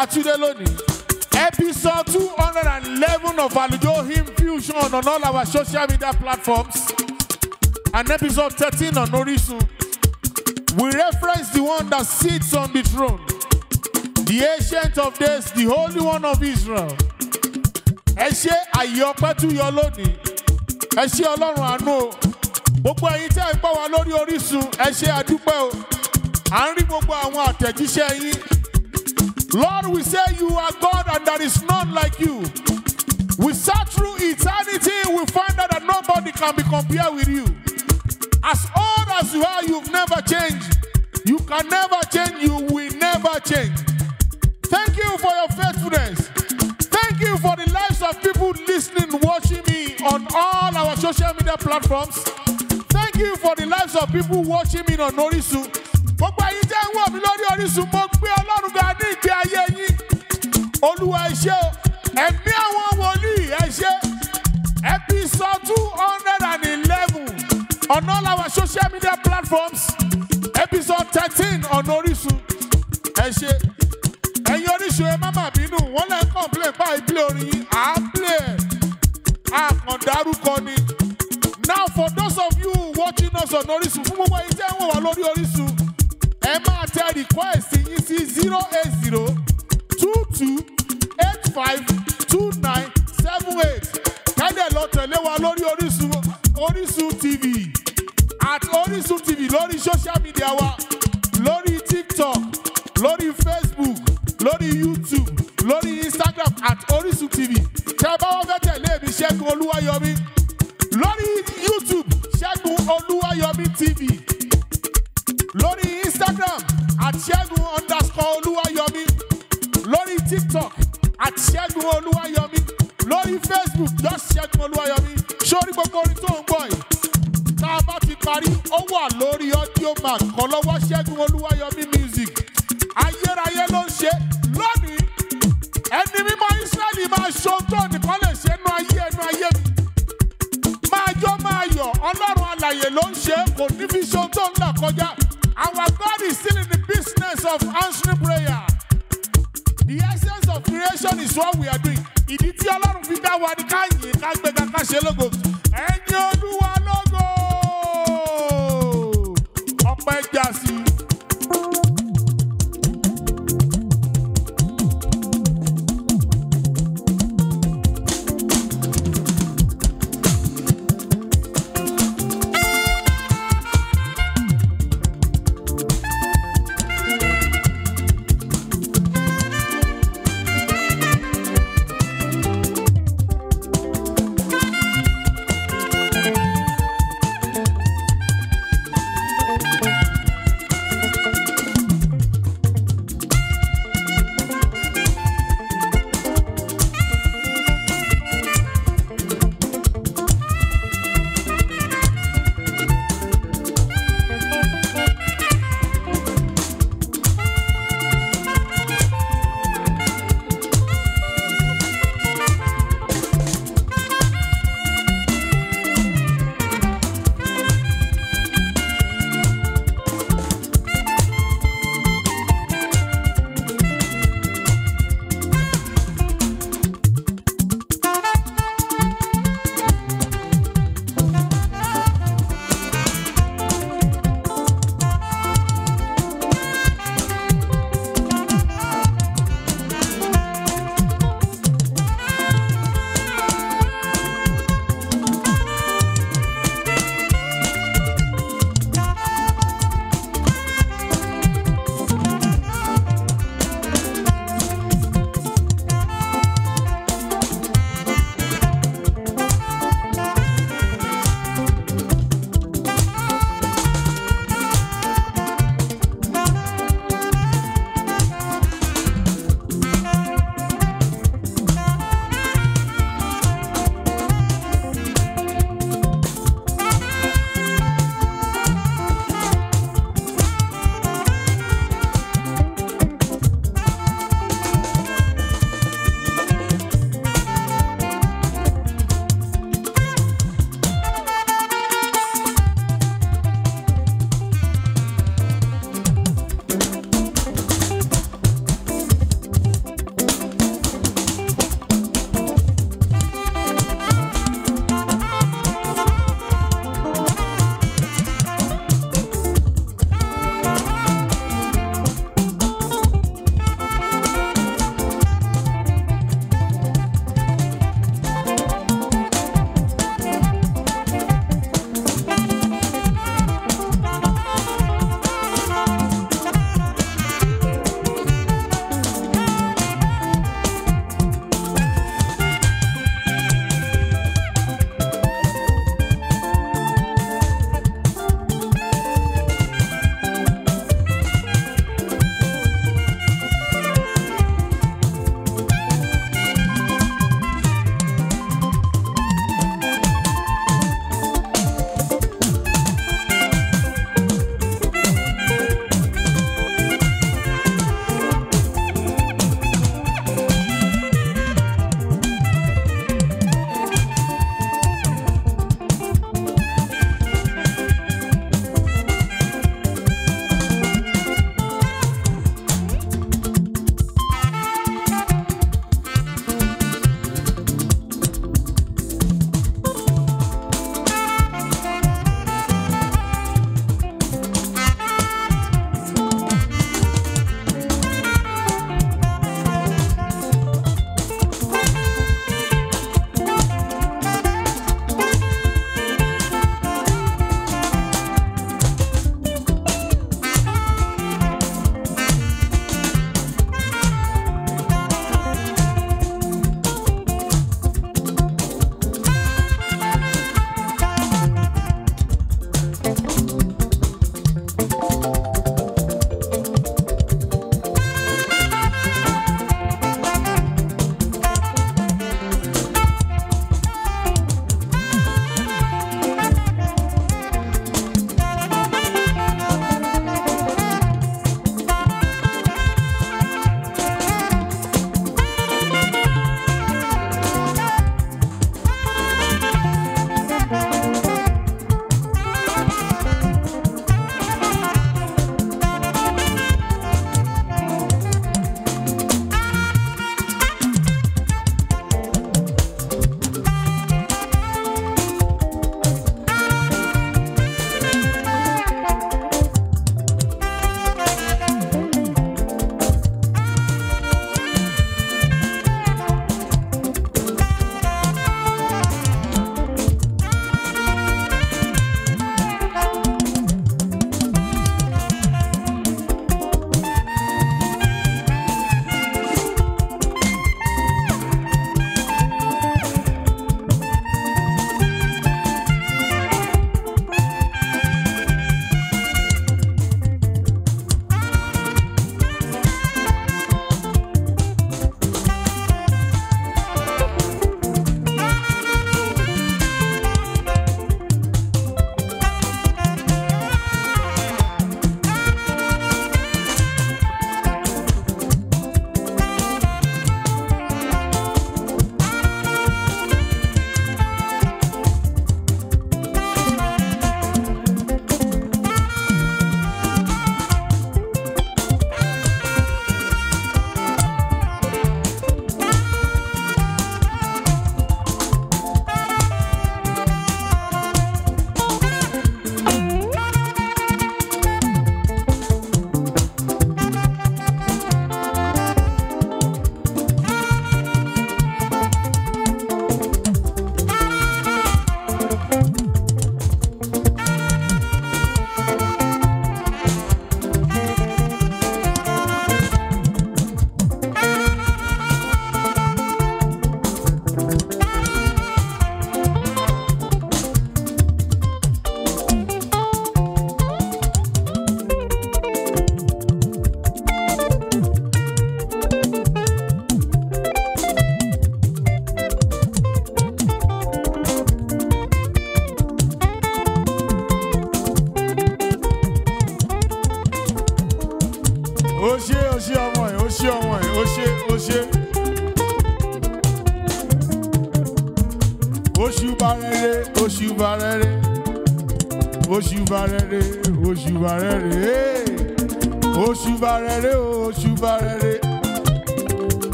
Atude lónìí episode 211 hundred and eleven of AlujoHymn Fusion on all our social media platforms and episode 13 on Orisun. We reference the one that sits on the throne, the ancient of days, the holy one of Israel. Ẹ ṣe àyè ọpẹ́ tún yọ lónìí. Ẹ ṣe Ọlọ́run àánú o. Gbogbo ẹ̀yin tẹ́ ẹ gbọ́ wa lórí Orísun, ẹ ṣe àdúpẹ́ o. À ń rí gbogbo àwọn àtẹ̀jíṣẹ́ yín. Lord, we say you are God and there is none like you. We search through eternity, we find out that nobody can be compared with you. As old as you are, you've never changed. You can never change, you will never change. Thank you for your faithfulness. Thank you for the lives of people listening, watching me on all our social media platforms. Thank you for the lives of people watching me on Orisun. Gbogbo ẹ̀yin olúwa ẹ ṣé àwọn wòlíì ẹ ṣé episode two hundred and eleven on all our social media platforms episode thirteen on Orísun ẹ ṣé ẹ̀yin Orísun ẹ má má bínú wọ́n lẹ́ complain pa ìpìlẹ̀ orin yìí à ń play ẹ̀ ni now for those of you watching us on Orísun fún gbogbo ẹ̀yin tẹ́ ń wò wá lórí Orísun ẹ máa tẹ request yín sí zero eight zero two eight five two nine seven eight kẹ́dẹ̀ lọ tẹ̀lé wa lórí Orísun Orísun TV at Orísun TV lórí social media wa TikTok lórí Facebook lórí YouTube lórí Instagram at Orísun TV tẹ́ bá wọ́n fẹ́ tẹ̀lé mi Ṣẹ́gun Olúwayọ̀mí YouTube Ṣẹ́gun Olúwayọ̀mí TV lórí Instagram at Ṣẹ́gun underscore lórí tiktok àti ṣẹ́gun olúwayọ̀mí lórí facebook just ṣẹ́gun olúwayọ̀mí sórí gbogbo orin tó ń gbọ́ yìí tá a bá ti parí ó wà lórí audio mark kọ́ lọ́wọ́ ṣẹ́gun olúwayọ̀mí music ayérayé ló ń ṣe lónìí ẹni mímọ́ israẹli máa ṣojú nìkan lè ṣe ẹnu ayé ẹnu ayé mi máa jó máa yọ̀ ọlọ́run alàyè ló ń ṣe kò ní fi ṣojú ńlá kọjá our God is still in the business of answering prayer. The essence of creation is what we are doing. Ìdí tí Ọlọ́run fi dá wa ni ká yìn ká gbẹ̀gà ká ṣe lógo.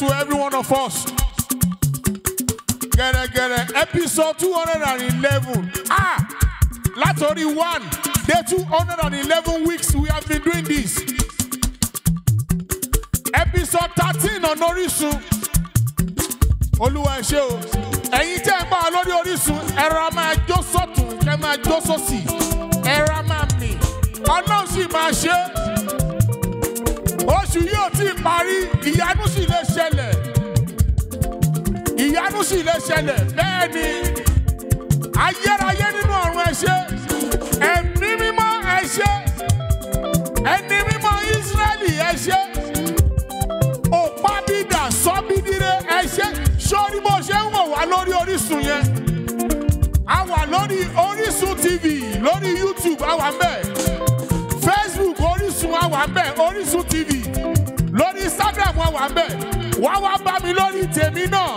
you to every one of us. Get it, get it. Episode 211. Ah! Látọ̀rí one day 211 weeks we have been doing this. Episode 13 on Orísun. Olúwa ẹ ṣé o. Ẹ̀yin tẹ́ ẹ máa lórí Orísun, ẹ̀rọ a máa jó sọ́tún, kẹ́ máa jó sósì, ẹ̀rọ a máa mì. Ọlọ́run sì máa ṣe é oṣù yóò ti parí ìyanu sì lè ṣẹlẹ̀ ìyanu sì lè ṣẹlẹ̀ bẹ́ẹ̀ ni ayérayé nínú ọ̀run ẹ ṣé ẹ̀mí mímọ́ ẹ ṣé ẹni mímọ́ Ísírẹ́lì ẹ ṣé òpábídà sọ́bídìrẹ́ ẹ ṣé sórí bó ṣe ń wò wá lórí Orísun yẹn a wà lórí Orísun TV lórí YouTube a wà mẹ́ẹ̀ Facebook Orísun a wà mẹ́ẹ̀ Orísun TV wà ń bẹ̀ wá wá bá mi lórí tèmi náà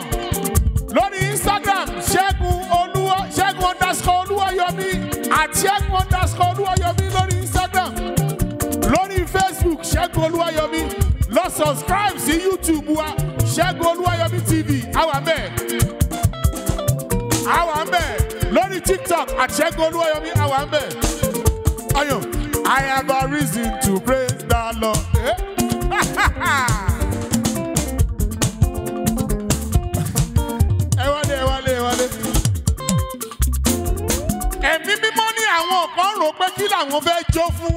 lórí Instagram ṣẹ́gun olúwa ṣẹ́gun underscore olúwayọmí àti ṣẹ́gun underscore olúwayọmí lórí Instagram lórí Facebook ṣẹ́gun olúwayọmí lọ subscribe sí YouTube wa ṣẹ́gun olúwayọmí TV àwa mẹ́ẹ̀ àwa mẹ́ẹ̀ lórí TikTok àti ṣẹ́gun olúwayọmí àwa mẹ́ẹ̀ ayọ̀ I have a reason to praise the Lord. Eh? rò pé kí làwọn fẹ́ jó fún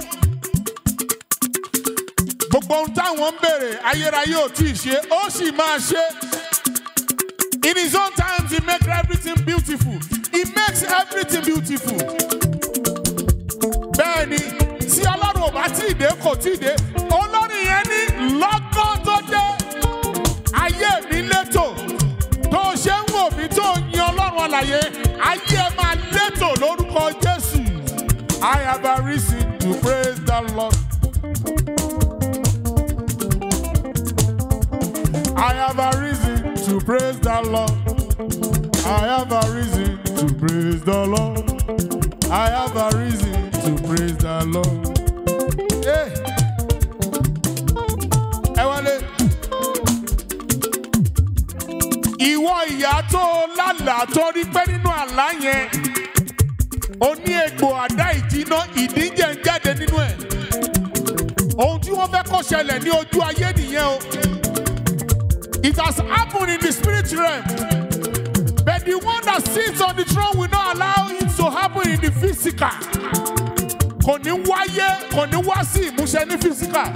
gbogbo ohun táwọn ń béèrè ayérayé ò tí ì ṣe ó sì máa ṣe in his own times, he make everything beautiful he makes everything beautiful bẹ́ẹ̀ ni tí ọlọ́run ò bá tí ì dé kò tí ì dé olórin yẹn ní lọ́gán tó dé ayé mi létò tó ṣe ń wò mí tó yan ọlọ́run àlàyé. I have a reason to praise the Lord. I have a reason to praise the Lord. I have a reason to praise the Lord. I have a reason to praise the Lord. Hey. Ewale. Ìwọ ìyá tó lálàá torí pé nínú àlá yẹn oní egbò àdá ìjìnà ìdíje ń jáde nínú ẹ̀ ohun tí wọ́n fẹ́ kó ṣẹlẹ̀ ní ojú ayé nìyẹn o it has happened in the spirit realm but the one that sits on the throne will not allow it to happen in the physical kò ní wáyé kò ní wá sí ìmúṣẹ ní physical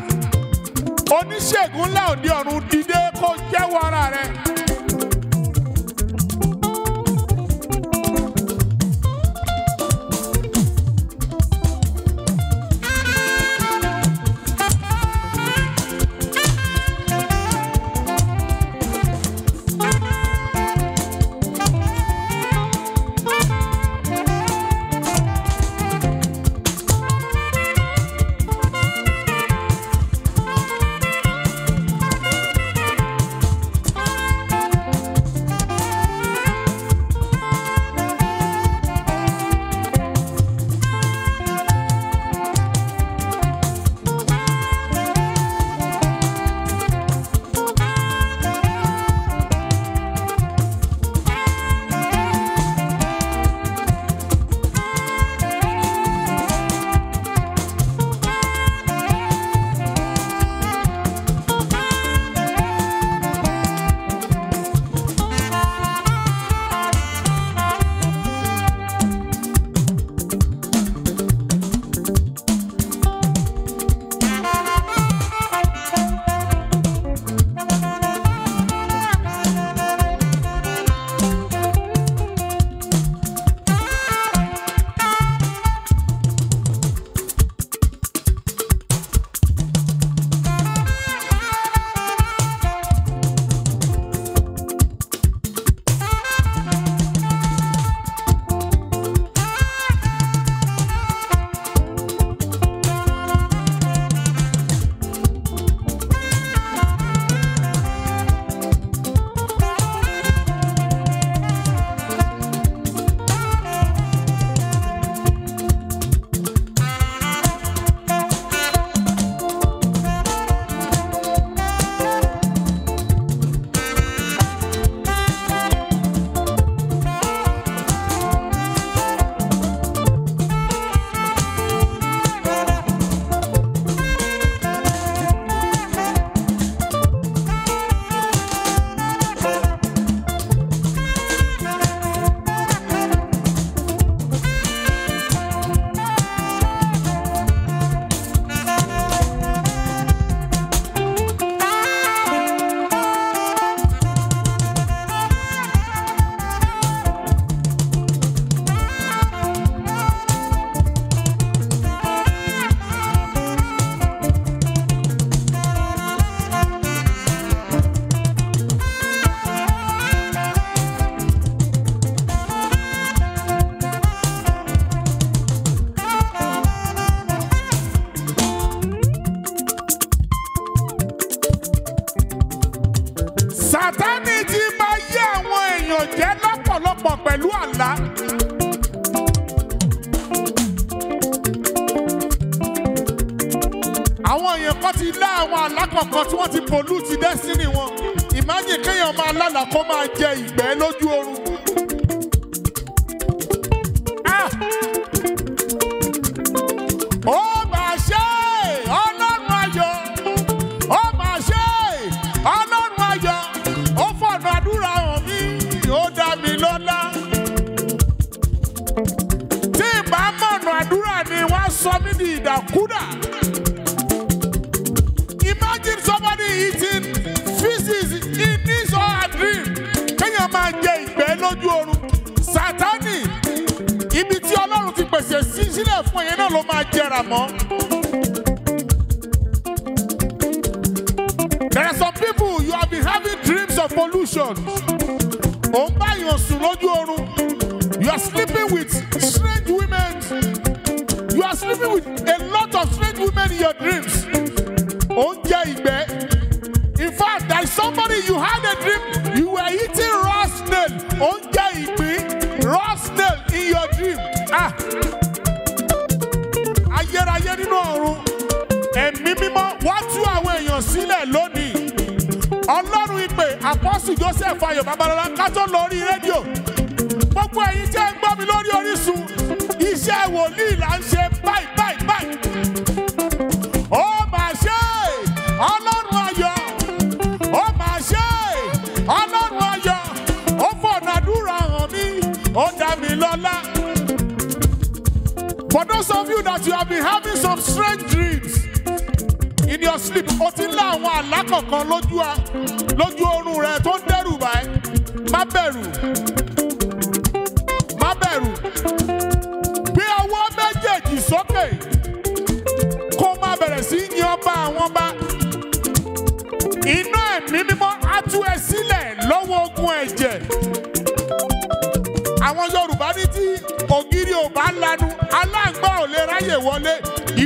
oníṣègùn ńlá òde ọ̀run dìde kó jẹ́wọ́ ara rẹ̀. pọ̀ pẹ̀lú àlá. àwọn èèyàn kan ti lá àwọn àlá kọ̀ọ̀kan tí wọ́n ti pollute destiny wọn imagine kéèyàn máa lálàá kó máa jẹ ìgbẹ́ lójú oorun pèsè sí fún ẹ̀yẹn náà ló máa jẹrà mọ́. There are some people you have been having dreams of pollution. Ò ń bá yàn sùn lójú oorun. You are sleeping with strange women. You are sleeping with Apostle Joseph Ayọ̀ Babalọlá ká tó lọ orí rédíò gbogbo ẹ̀yin tẹ́ ń gbọ́ mi lórí Orísun iṣẹ́ wòlíì là ń ṣe báyìí báyìí báyìí ó mà ṣe Ọlọ́run ayọ̀ ó mà ṣe Ọlọ́run ayọ̀ ó fọ̀nà àdúrà hàn mí ó dá mi lọ́lá. For those of you that you have been having some strange dreams in your sleep, o ti ń lá àwọn àlá kọ̀ọ̀kan lójú.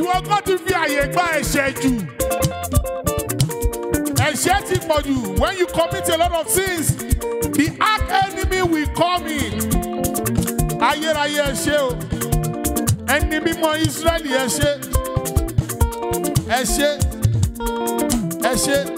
ìwọ kan ti fi àyè gba ẹ̀ṣẹ̀ jù ẹ̀ṣẹ̀ ti pọ̀ jù when you commit a lot of sins the arch enemy will come in ayérayé ẹ̀ṣẹ̀ o ẹni mímọ́ Ísírẹ́lì ẹ̀ṣẹ̀ ẹ̀ṣẹ̀ ẹ̀ṣẹ̀.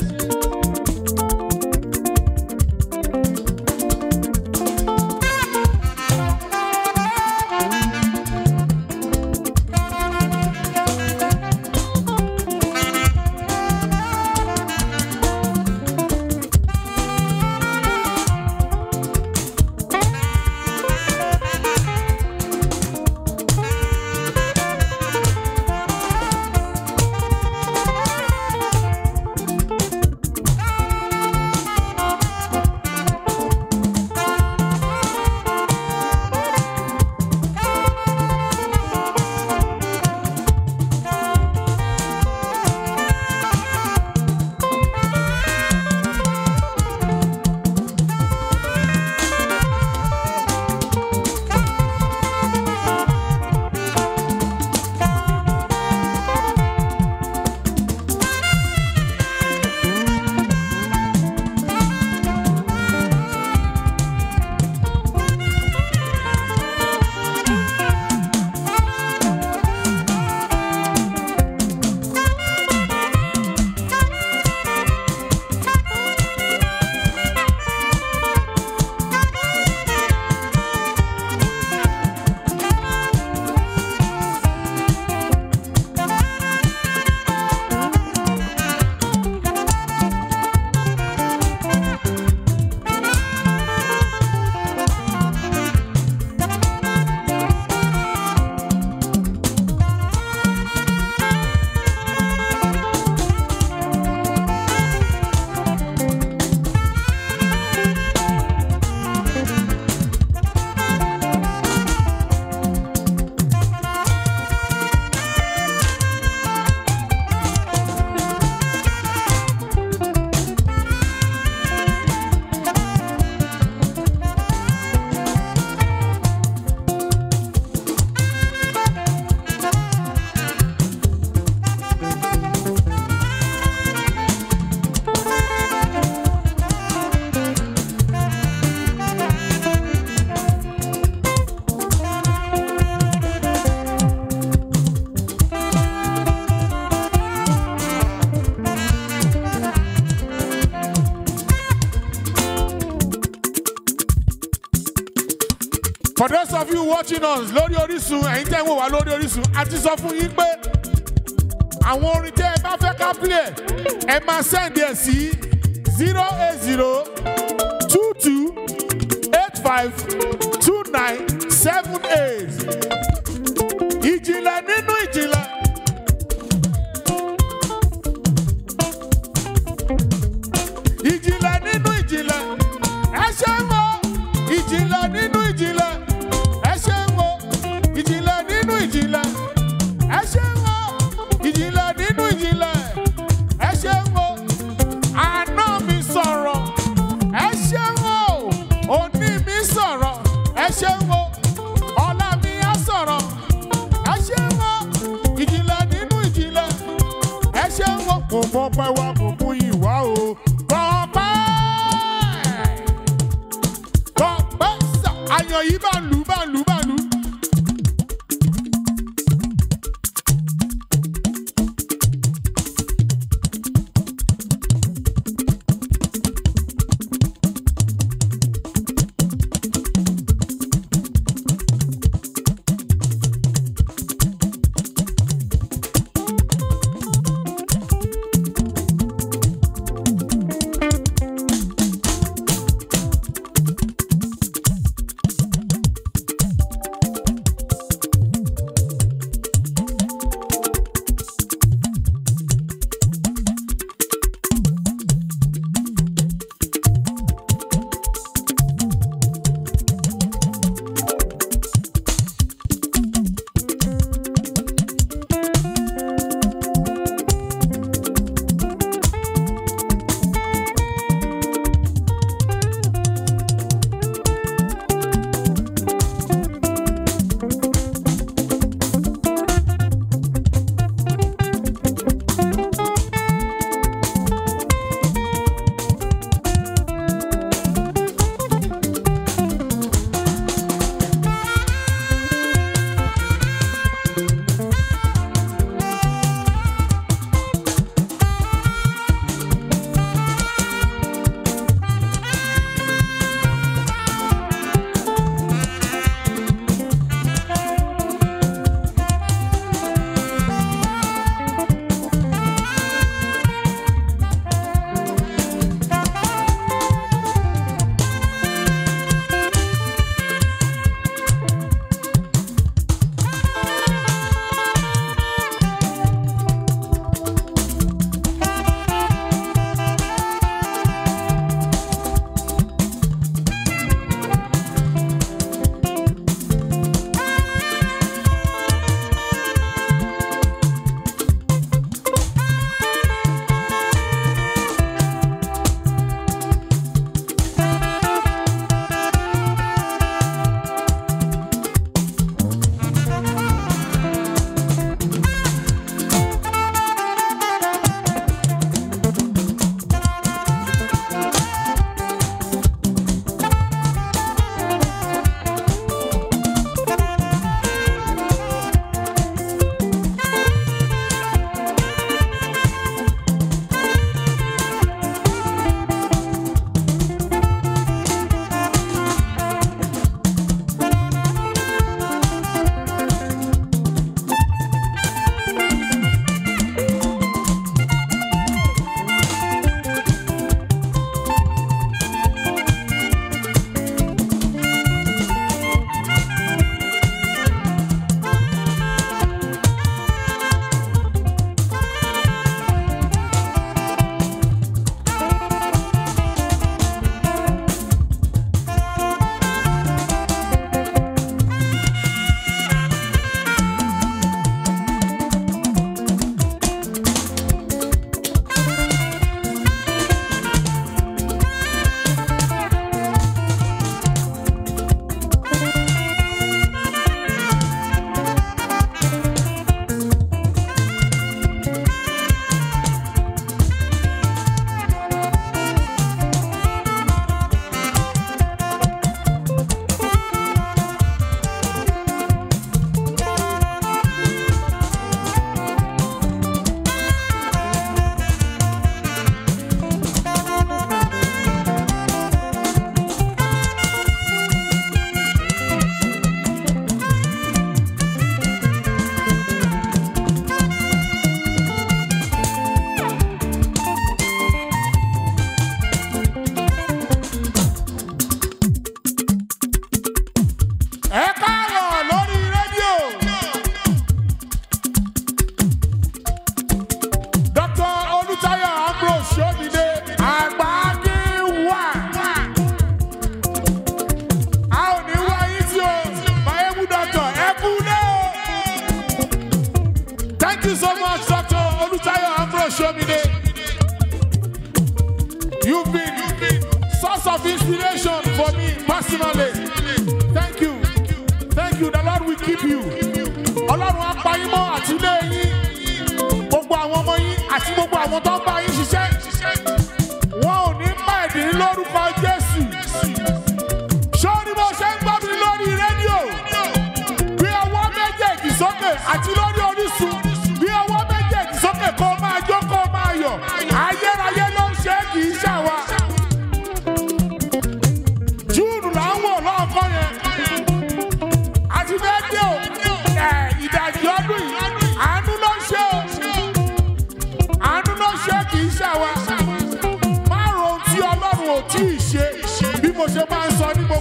watching us lórí Orísun ẹ̀yin tẹ́ ń wò wá lórí Orísun a ti sọ fún yín pé àwọn orin tẹ́ ẹ bá fẹ́ ká play ẹ máa send ẹ̀ sí zero eight zero two two eight five. èèyàn yìí bá lù bá lù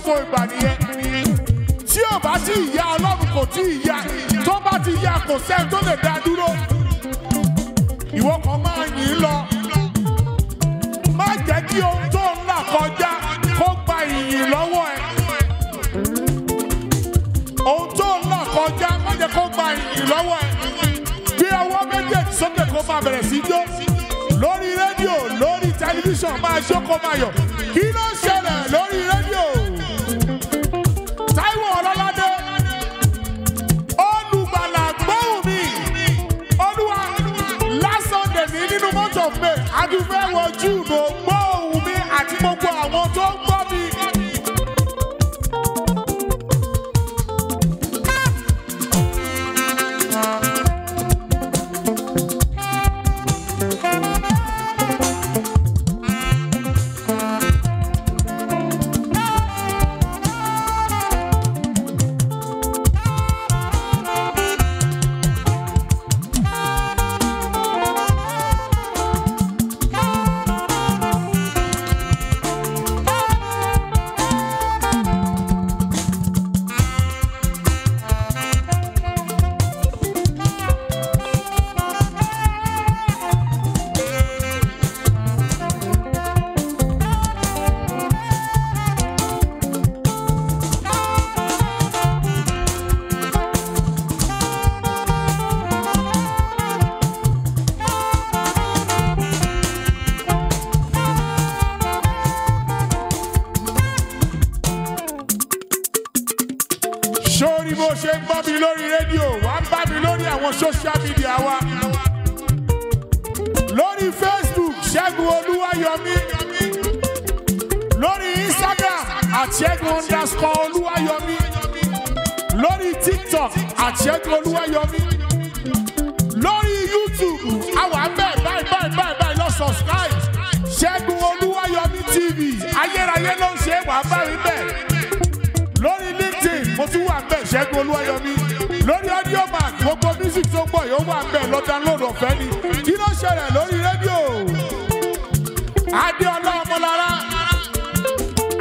òfò ìgbà nìyẹn tí ò bá ti ìyá ọlọ́run kò tí ì yá tó bá ti yá kò sẹ́ni tó lè dá dúró ìwọ kan máa yìn lọ má jẹ́ kí ohun tó ń là kọjá kó gba ìyìn lọ́wọ́ ẹ ohun tó ń là kọjá má jẹ́ kó gba ìyìn lọ́wọ́ ẹ bí ọwọ́ méjèèjì sókè kó máa bẹ̀rẹ̀ sí jó lórí rédíò lórí tẹlifíṣàn máa ṣókó máa yọ̀ kí ló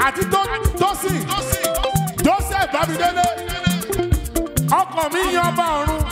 àti tósìn tósìn joseph babidele ọkàn mi yan ọba ọ̀run.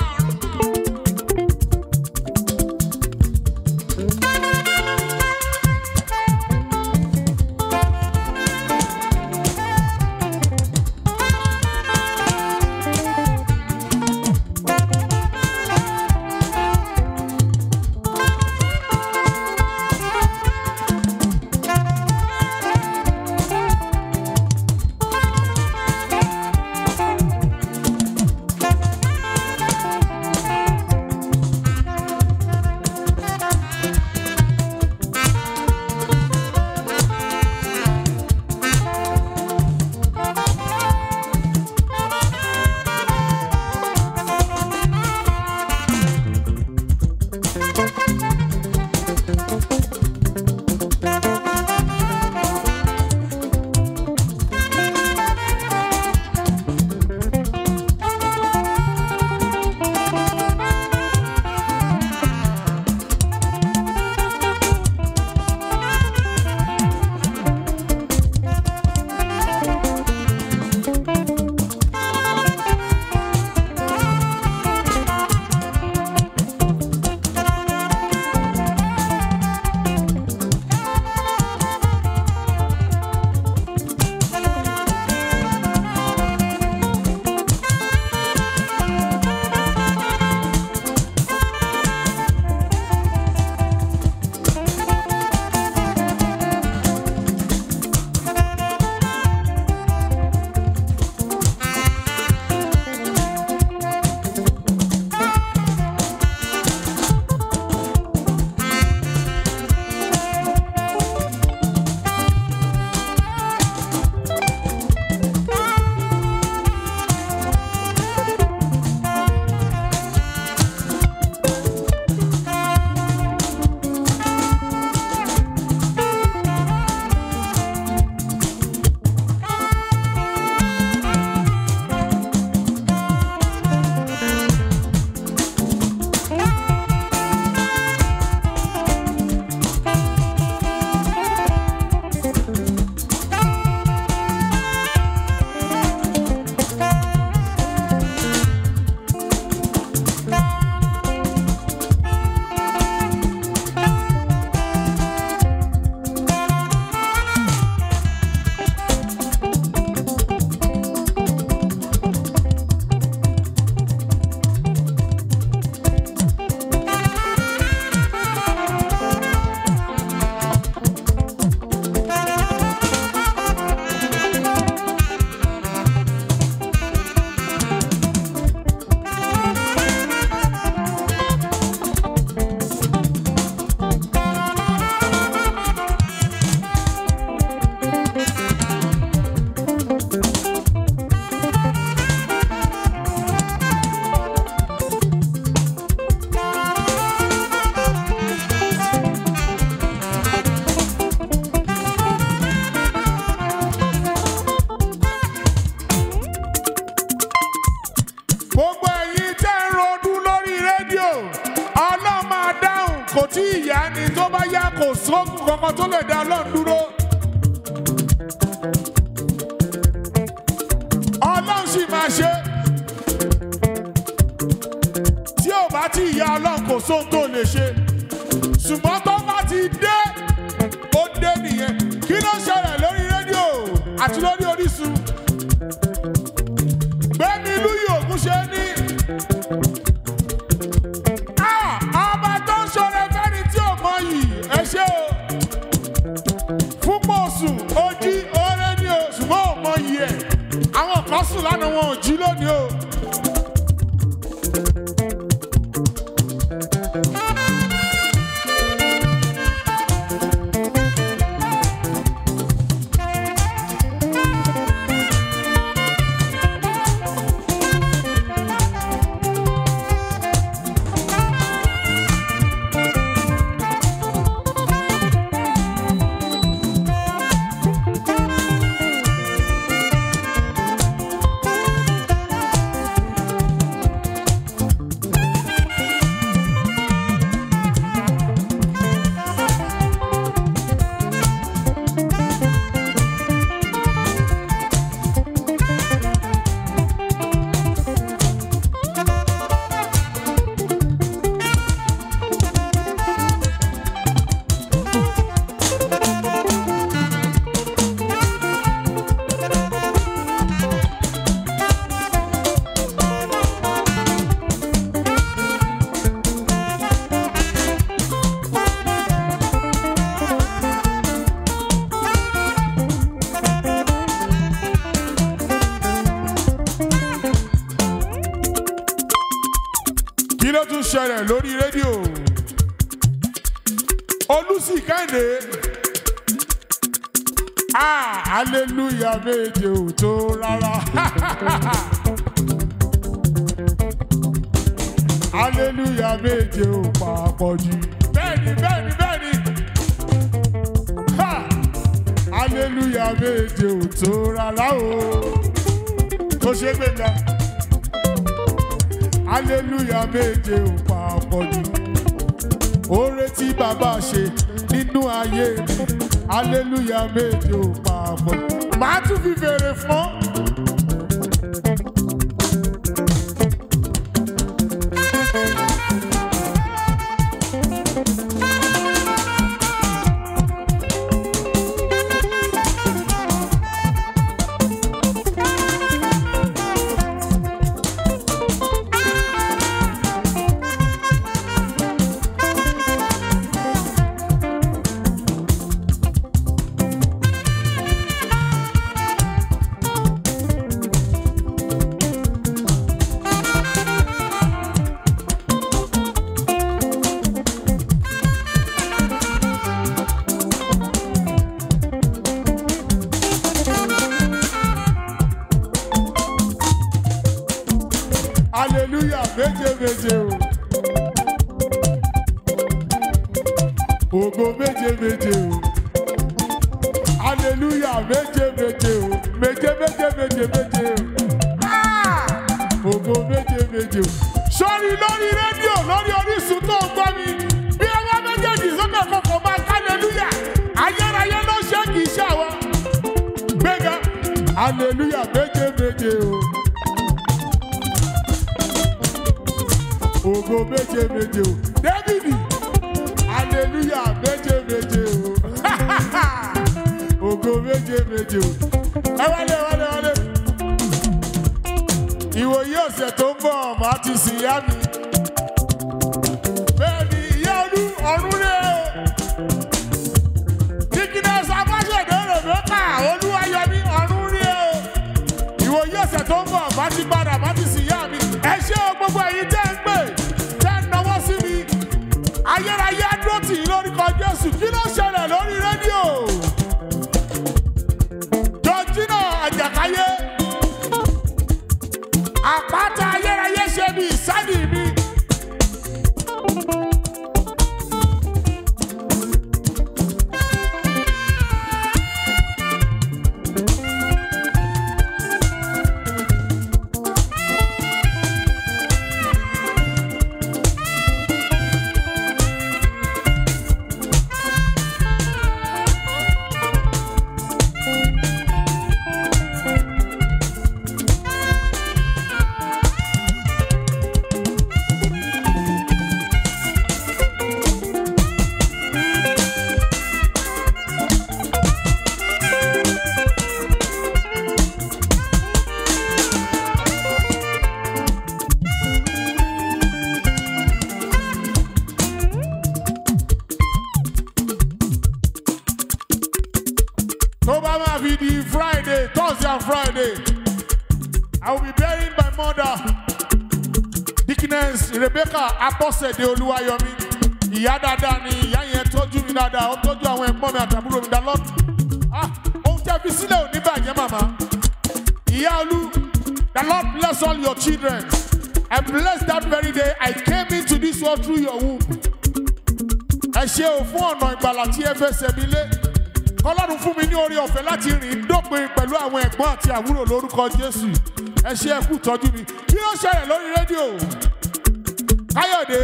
àpọ̀jù. bẹ́ẹ̀ni bẹ́ẹ̀ni bẹ́ẹ̀ni ha aleluya méje ò tó rárá o kò ṣe é gbẹ̀ngà aleluya méje ò pa àpọ̀jù. oore tí bàbá ṣe nínú ayé mi aleluya méje ò pa àpọ̀jù. màá tún fi fèrè fún. ìwòye ọ̀sẹ̀ tó ń bọ̀ màá ti sìn yá mi. bẹ́ẹ̀ ni ìyá olú ọ̀run rẹ̀ o. dikines abáṣẹ̀dé rèbékà olúwayọmí ọ̀run rẹ̀ o. ìwòye ọ̀sẹ̀ tó ń bọ̀ màá ti padà mi. ẹ ṣé o gbogbo ẹ̀yin t náà Abọ́sẹ̀dé Olúwayọ̀mí ìyá dáadáa ni ìyá yẹn tọ́jú mi dáadáa ó tọ́jú àwọn ẹ̀gbọ́n mi àtàbúrò mi dáa lọ́tù ah, ohun tẹ́ fi sílẹ̀ ò ní bàjẹ́ màmá ìyá olú the Lord bless all your children and bless that very day I came into this world through your womb ẹ ṣe ò fún ọ̀nà ìgbàlà tí ẹ fẹsẹ̀ mi lé kọ́lọ́run fún mi ní oore ọ̀fẹ́ láti rìn dópin pẹ̀lú àwọn ẹ̀gbọ́n àti àbúrò lórúkọ Jésù ẹ ṣe ẹ kú tọ́jú mi kí ló ṣẹlẹ̀ lórí rédíò. Káyọ̀dé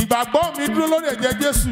ìgbàgbọ́ mi dúró lórí ẹ̀jẹ̀ Jésù.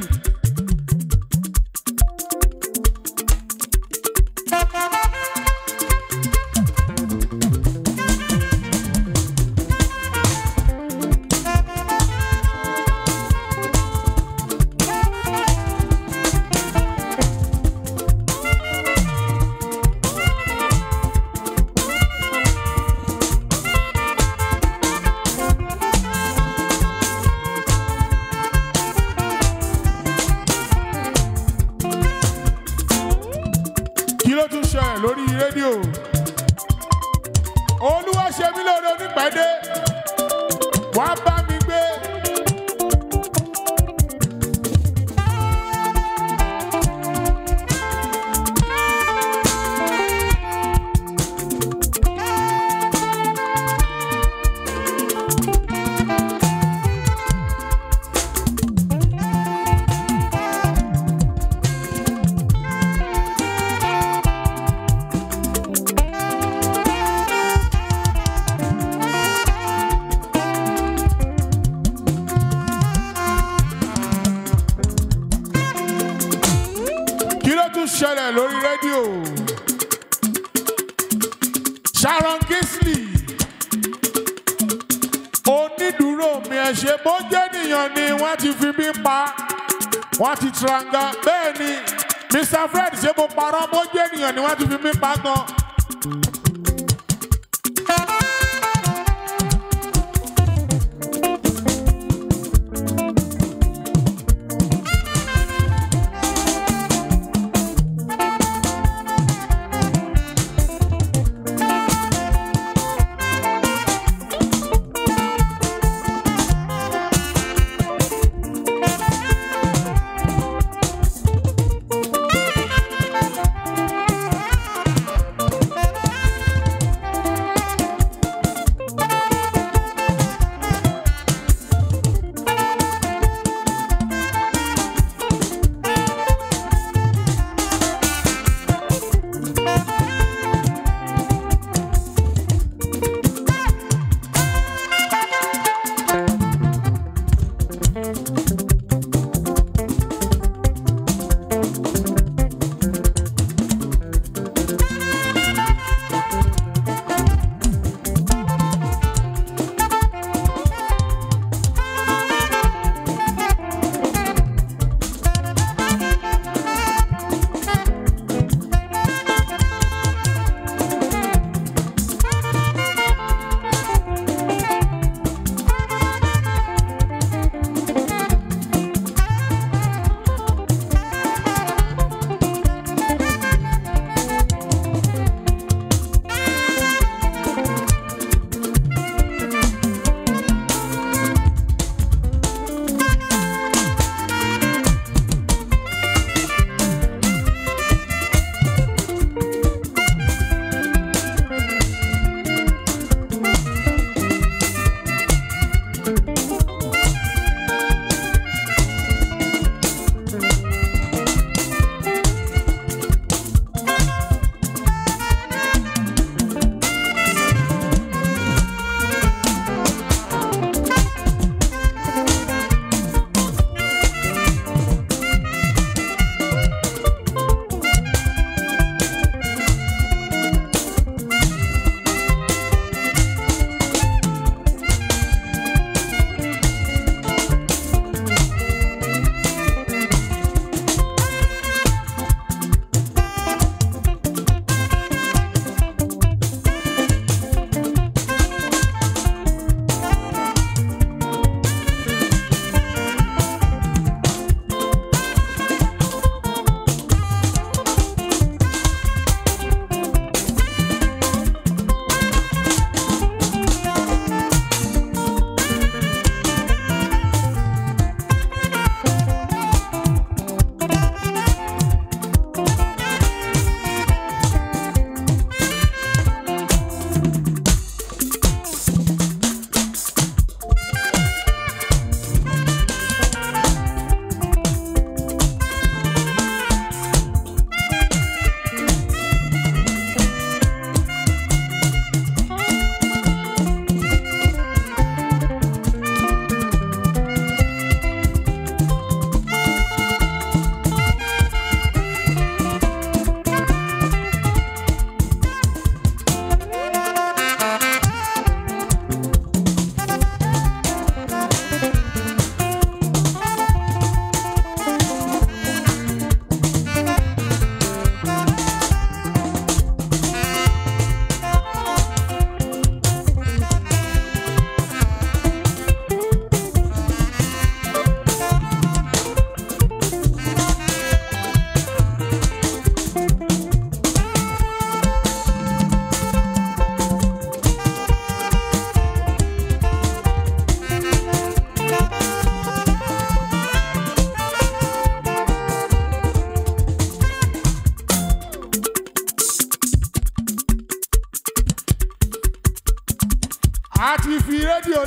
bó jẹ́ nìyàn ni wọ́n ti fi bí pa wọ́n ti tiranga bẹ́ẹ̀ ni Mr Fred ṣe mo parọ́ bó jẹ́ nìyàn ni wọ́n ti fi bí pa gan.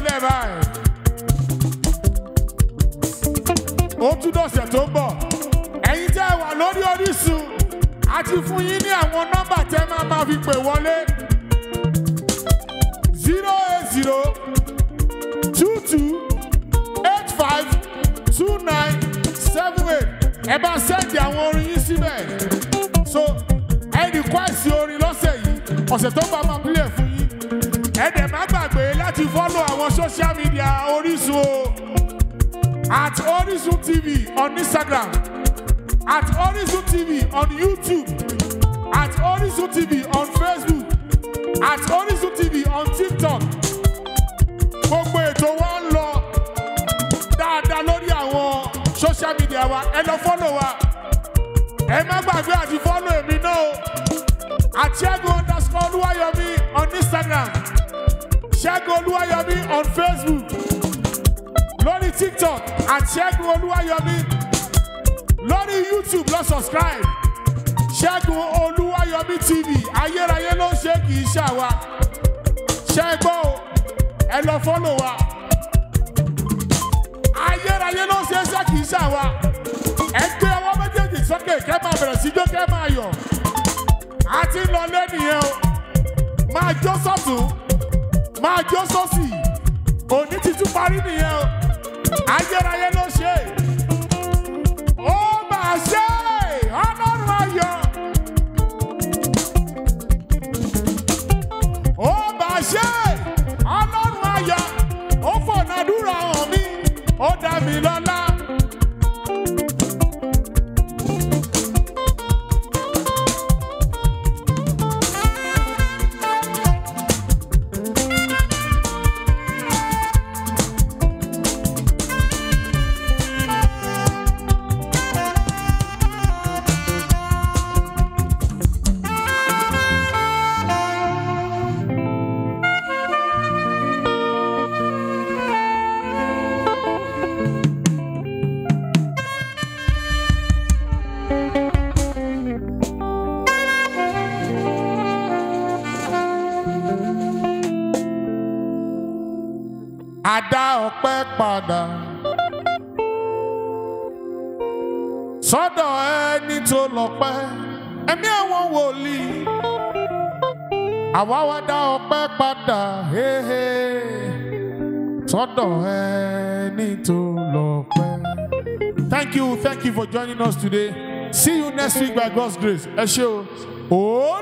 Never. O ó tún dọ̀sẹ̀ tó ń bọ̀ ẹ̀yin tẹ́ wà lórí Orísun a ti fún yín ní àwọn nọ́mbà tẹ́ máa máa fi pè wọlé. Orisun TV on Instagram, at Orisun TV on YouTube, at Orisun TV on Facebook, at Orisun TV on TikTok. Gbogbo ètò wa ń lọ dáadáa lórí àwọn social media wa. Ẹ lọ fọ́lọ̀ wa. Ẹ má gbàgbé àti fọ́lọ̀ èmi náà o. underscore Olúwayọ̀mí on Instagram. Ṣẹ́gun Olúwayọ̀mí on Facebook. TikTok at Ṣẹ́gun Olúwayọ̀mí lórí YouTube lọ subscribe Ṣẹ́gun Olúwayọ̀mí TV ayérayé ló ń ṣe kì í ṣàwa ṣẹ́gbọ́n o ẹ lọ fọ́lọ̀ wa ayérayé ló ń ṣe ṣe kì í ṣàwa ẹ gbé ọwọ́ méjèèjì sókè kẹ́ máa bẹ̀rẹ̀ sí jó kẹ́ máa yọ̀ a ti ń lọ lẹ́nìyẹn o máa jó sọ́tún máa jó sọ́sì òní ti tún parí nìyẹn o ayérayé ló ṣe ó mà ṣe ọlọ́run ayọ̀ ó mà ṣe ọlọ́run ayọ̀ ó fọ̀nàdúrà Thank you, thank you for joining us today. See you next week by God's grace. Oh.